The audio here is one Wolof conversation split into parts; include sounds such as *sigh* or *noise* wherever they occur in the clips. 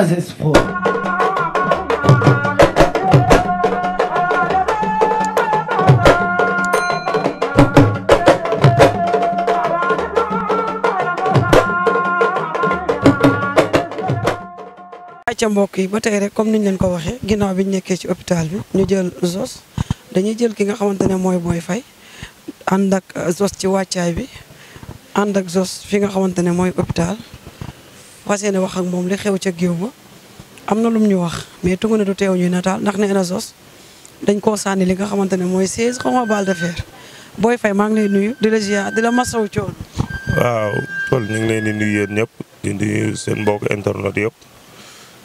sans espoir. ca mbokk yi ba tey rek comme niñ leen ko waxee ginnaaw bi ñu nekkee ci hôpital bi ñu jël Zoss dañuy jël ki nga xamante ne mooy Boy Faye ànd ak Zoss ci wàccaay bi ànd ak Zoss fi nga xamante ne mooy hôpital fas yéene wax ak moom li xew ca géew ba am na lum ñu wax mais tungu ne du teew ñuy nataal ndax nee na sos dañ koo sànni li nga xamante ne mooy 16 xaw ma de booy fay maa ngi lay nuyu di la ziar di la masawu coono. leen di nuyu yéen ñëpp di seen mbokk internet yëpp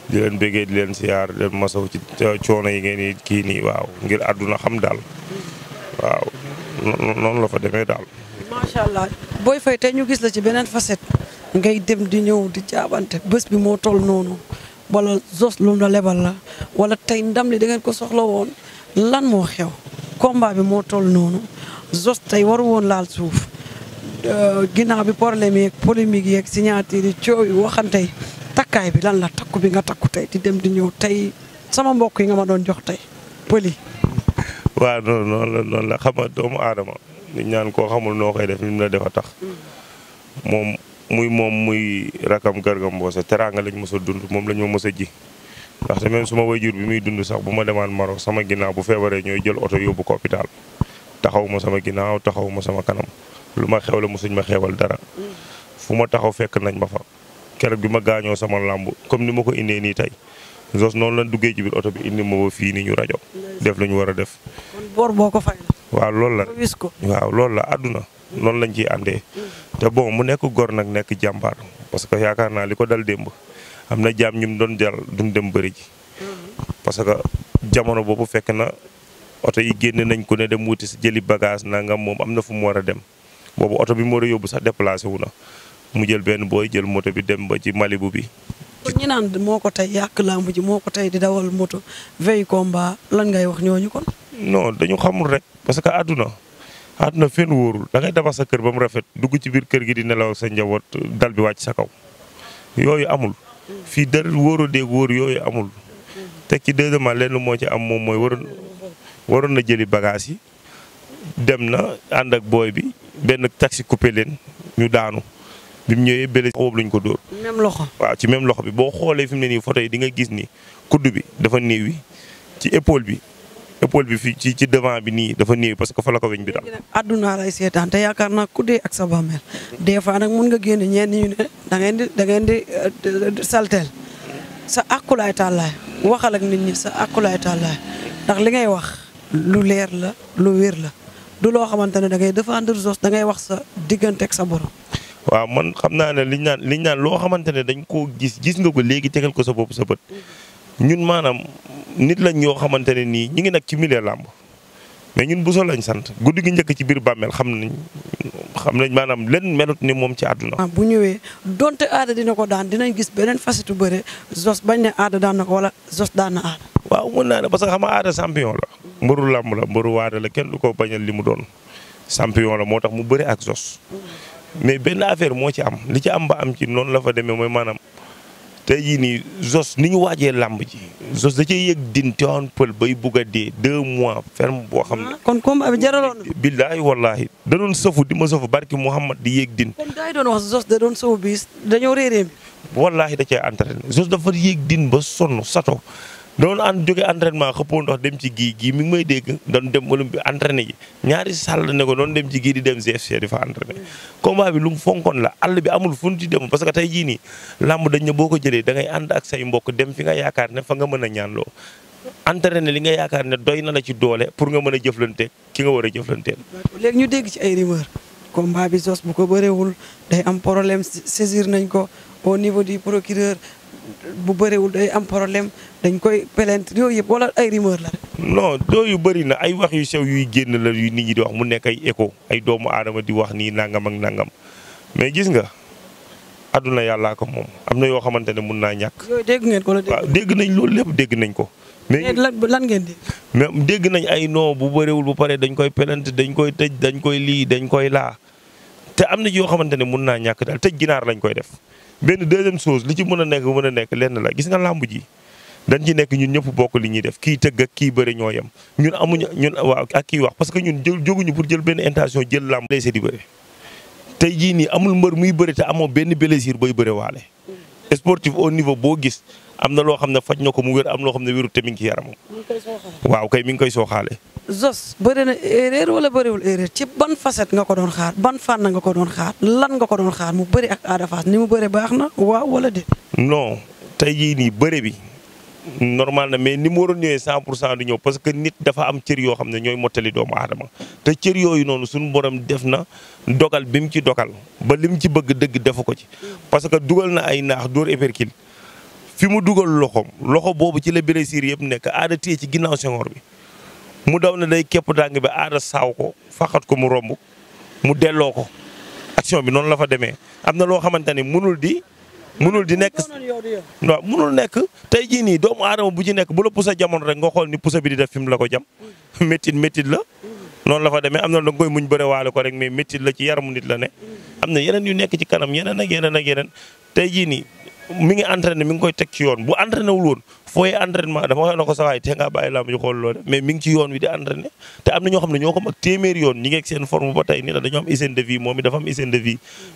di leen bëggee di leen ziar di leen ci coono yi ngeen di kii nii waaw ngir àdduna xam daal waaw. noonu la fa demee daal. macha allah booy fay tey ñu gis la ci beneen facette. ngay dem di ñëw di jaabante bés bi moo toll noonu wala zos lu la lebal la wala tey ndam li da ngeen ko soxla woon lan moo xew combat bi moo toll noonu zos tey waru woon laal suuf euh, ginnaaw bi problème yeeg polémique yeeg signature yi coow yi waxante yi takkaay bi lan la takku bi nga takku tey di dem di ñëw tey sama mbokk yi nga ma doon jox tey pëli waaw noonu noonu la noonu la xam nga doomu aadama li ñaan koo xamul noo koy def ni mu la defa tax moom muy moom muy rakam Garga Mbossé teraanga lañ mos a dund moom la ñoo mos a ji ndaxte même suma waajur bi muy dund sax bu ma demaan Maroc sama ginnaaw bu feebaree ñooy jël oto yóbbu ko hôpital taxaw ma sama ginnaaw taxaw ma sama kanam lu ma xew la mosuñ ma xewal dara fu ma taxaw fekk nañ ma fa keroog bi ma gaañoo sama làmb comme ni ma ko indee nii tey Zos noonu la duggee ci biir oto bi indi ma fii nii ñu rajo. def lu ñu war a def. kon boo ko fay. waaw loolu la waaw loolu la àdduna. noonu lañ ciy àndee. Mm. te bon mu nekk gor nag nekk jàmbaar parce que yaakaar naa li ko dal démb am na jaam ñu doon jal duñ dem bëri ji. Mm. parce que jamono boobu fekk na oto yi génn nañ ko ne dem wuti si jëli bagage nangam moom am na fu mu war a dem boobu oto bi mu war a yóbbu sax déplacé wu na mu jël benn booy jël moto bi dem ba ci Malibu bi. kon ñi naan moo ko tey yàq làmb ji moo ko tey di dawal moto veille combat lan ngay wax ñooñu kon. non dañu xamul rek parce que àdduna àdduna fenn wóorul da ngay sa kër ba mu rafet dugg ci biir kër gi di nelaw sa njaboot dal bi wàcc sa kaw yooyu amul. fii wóor wóorul dégg wóor yooyu amul. teg ci deuxièmement lenn moo ci am moom mooy waroon waroon na jëli bagage yi dem na ànd ak booy bi benn taxi coupé leen ñu daanu. bi mu ñëwee bële lu lañ ko dóor. même loxo waaw ci même loxo bi boo xoolee fi mu ne nii photo yi di nga gis ni kudd bi dafa néewi ci épole bi épaule bi fii ci ci devant bi nii dafa néewi parce que fa la ko weñ bi daal. adduna lay yaakaar naa ku dee ak sa bàmmeel des fois nag mun nga génne ñenn ñu ne da ngeen di da ngeen di euh, sa akkulaay tàllaay waxal ak nit ñi sa akkulaay tàllaay ndax li ngay wax lu leer la lu wér la du loo xamante ne da ngay défendre jos da ngay wax sa digganteeg sa boro waaw man xam naa ne liñ naan liñ naan loo xamante ne dañ koo gis gis nga ko léegi tegal ko sa bopp sa bët ñun maanaam nit lañ ñoo xamante ne nii ñu ngi nag ci milieu làmb mais ñun Bousso lañ sant guddi gi njëkk ci biir bàmmeel xam nañ xam nañ maanaam lenn melut ni moom ci àdduna. Ah, bu ñëwee donte aada dina ko daan dinañ gis beneen facette bu bëre Zoss bañ ne aada daan na ko wala Zoss daan na aada. waaw mën naa ne parce que xam nga aada champion la. mbëru làmb la mbëru waada la kenn du ko bañal li mu doon champion la moo tax mu bëre ak Zoss. mais benn affaire moo ci am li ci am ba am ci noonu la fa demee mooy maanaam tey jii nii Zoss ni ñu waajee làmb ji Zoss da cee yëg din teewoon pël bay bugg dee deux mois ferme boo xam ne. Ah, kon combat bi jaraloon na. billaahi wallaahi da doon sëfu di ma sëfu barki Mouhamad di yëg din. kon gaa yi doon wax Zoss da doon sëfu bi dañoo réeree. wallaahi da cee entraîné Zoss dafa yëg din ba sonn sato doon an jóge entraînement xëppoo ndox dem ci gii gii mi ngi may dégg doon dem bi entraîné ji ñaari sàll ne ko doon dem ci gii di dem GFC di fa entraîné combat bi lu mu fonkoon amul fu ñu parce que tey jii làmb dañ boo ko jëlee dangay ànd ak say mbokk dem fi nga yaakaar ne fa nga mën a ñaanloo entraîné li nga yaakaar ne doy na la ci doole pour nga mën a jëflante ki nga war a jëflanteel. léegi ñu dégg ci ay rumeur combat bi Zoss bu ko bëreewul day am problème saisir nañ ko au niveau du procureur bu bëriwul day am problème dañ koy plainte yooyu yëpp wala ay rumeur la rek. non yooyu bëri na ay wax yu sew yuy génn la yu nit ñi di wax mu nekk ay écho ay doomu aadama di wax nii nangam ak nangam mais gis nga àdduna yàllaa ko moom am na yoo xamante ne mun naa ñàkk. dégg ngeen ko la dégg nañ loolu lépp dégg nañ ko. mais lan ngeen di. mais dégg nañ ay non bu bëriwul bu paree dañ koy plainte dañ koy tëj dañ koy lii dañ koy laa te am na yoo xamante ne mun naa ñàkk daal tëj ginaar lañ koy def. benn deuxième chose li ci mën a nekk mën a nekk lenn la gis nga làmb ji dañ ci nekk ñun ñëpp bokk li ñuy def kii tëgg ak kii bëri ñoo yem ñun amuñ ñun waaw ak kiy wax parce que ñun jël jóguñu pour jël benn intention jël làmb lay di bëri tey jii nii amul mbër muy bëri te amoo benn blessure bay bëri waale sportif au niveau boo gis am na loo xam ne faj na ko mu wér am loo xam ne wéru te mi ngi ci yaramam waaw kay mi ngi koy sooxaale Zoss bëri na erreur wala bëriwul erreur ci ban facette nga ko doon xaar ban fànn nga ko doon xaar lan nga ko doon xaar mu bëri ak Ada Fass ni mu bëri baax na waaw wala de non tey jii nii bëri bi normal na mais ni mu waroon ñëwee 100 pour cent du ñëw parce que nit dafa am cër yoo xam ne ñooy mottali doomu aadama te cër yooyu noonu suñu borom def na dogal bi mu ci dogal ba li mu ci bëgg dëgg defu ko ci. parce que dugal na ay naax dóor épercule fi mu dugal loxoom loxo boobu ci la blessure yëpp nekk aada ci ginnaaw Senghor bi. mu daw na day képp dàng bi aada saaw ko faxat ko mu romb mu delloo ko action bi noonu la fa demee am na loo xamante ni mënul di mënul di nekk waaw mënul nekk tey jii nii doomu aadama bu ci nekk bu la pusa jamono rek nga xool ni pusa bi di def fi mu la ko jam *laughs* métit métit la noonu la fa demee am na lu nga koy muñ bëre waale ko rek mais métit la ci yaramu nit la ne am na yeneen yu nekk ci kanam yeneen ak yeneen ak yeneen tey jii nii mi ngi entraîné mi ngi koy teg ci yoon bu entraîné wul woon fooy entraînement dama waxoon na ko sa waay te nga bàyyi làmb ji xool loolu ko ni la dañoo am hygiène de vie moom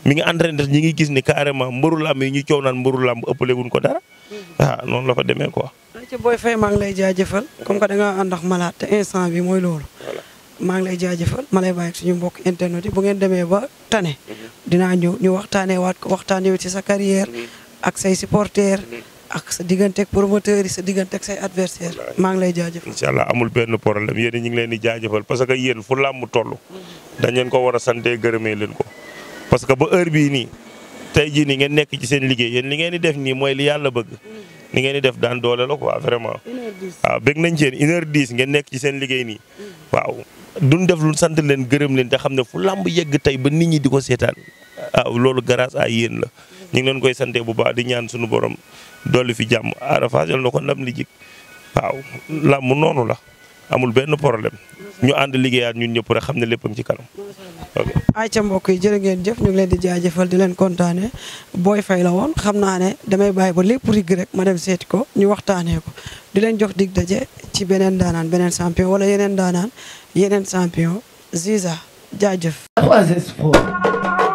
i ni carrément mbëru làmb yi ñuy coow naan mbëru làmb mm-hmm. ah, demee quoi ci booy fay maa ngi lay jaajëfal comme que da nga ànd ak malade te instant lay jaajëfal ma lay bàyyi suñu mbokk internet yi bu ngeen demee ba tane mm-hmm. dinaa ñëw ñu waxtaanee waat ko waxtaanee ci sa carrière mm-hmm. ak say supporters. ak sa digganteeg promoteur yi sa digganteeg say adversaire maa ngi lay jaajëfal. incha allah amul benn problème yéen ñu ngi leen di jaajëfal parce que yéen fu làmb toll. dañ leen ko war a sante gërëmee leen ko. parce que ba heure bii nii tey jii nii ngeen nekk ci seen liggéey yéen li ngeen di def nii mooy li yàlla bëgg. ni ngeen di def daan doole la quoi vraiment. waaw nañ ci yéen une ngeen nekk ci seen liggéey nii. waaw du duñ def lu sant leen gërëm leen te xam ne fu làmb yegg tey ba nit ñi di ko seetaan. waaw ah, loolu grâce à yéen la. ñu ngeen koy sante bu baax di ñaan suñu borom dolli fi jàmm arafasel na ko ndam li jik waaw làmm noonu la amul benn problème ñu ànd liggéeyaat ñun ñëpp rek xam ne lépp ci kanam. ay ca mbokk yi jërë ngeen jëf ñu ngi leen di jaajëfal di leen kontaane Boy Faye la woon xam naa ne damay bàyyi ba lépp rigg rek ma dem seeti ko ñu waxtaanee ko di leen jox dig daje ci beneen daanaan beneen champion wala yeneen daanaan yeneen champion Ziza jaajëf.